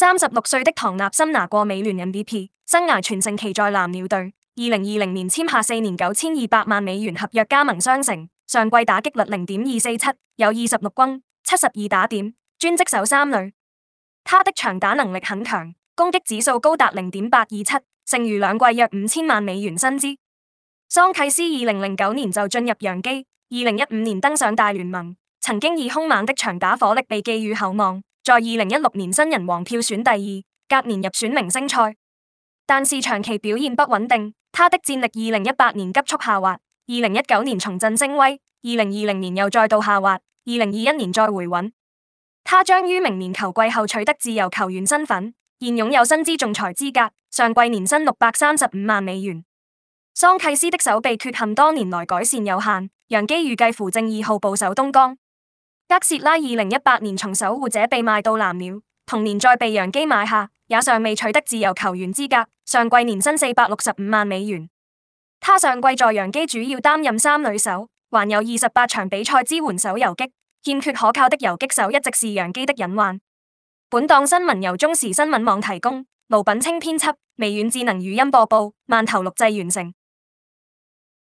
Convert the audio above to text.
三十六歲的唐納森拿過美聯 MVP，生涯全盛期在藍鳥隊。二零二零年簽下四年九千二百萬美元合約，加盟雙城。上季打擊率零點二四七，有二十六轟，七十二打點，專職守三壘。他的長打能力很強，攻擊指數高達零點八二七，剩餘兩季約五千萬美元薪資。桑契斯二零零九年就進入洋基，二零一五年登上大聯盟，曾經以凶猛的長打火力被寄予厚望。在二零一六年新人王票選第二，隔年入選明星賽，但是長期表現不穩定。他的戰力二零一八年急速下滑，二零一九年重振聲威，二零二零年又再度下滑，二零二一年再回穩。他將於明年球季後取得自由球員身份，現擁有薪資仲裁資格，上季年薪六百三十五萬美元。桑契斯的手臂缺陷多年來改善有限，洋基預計扶正二號捕手東江。厄薛拉二零一八年從守護者被賣到藍鳥，同年再被洋基買下，也尚未取得自由球員資格。上季年薪四百六十五萬美元。他上季在洋基主要擔任三壘手，還有二十八場比賽支援守游擊。欠缺可靠的游擊手一直是洋基的隱患。本檔新聞由中時新聞網提供，盧品清編輯，微軟智能語音播報，曼頭錄製完成。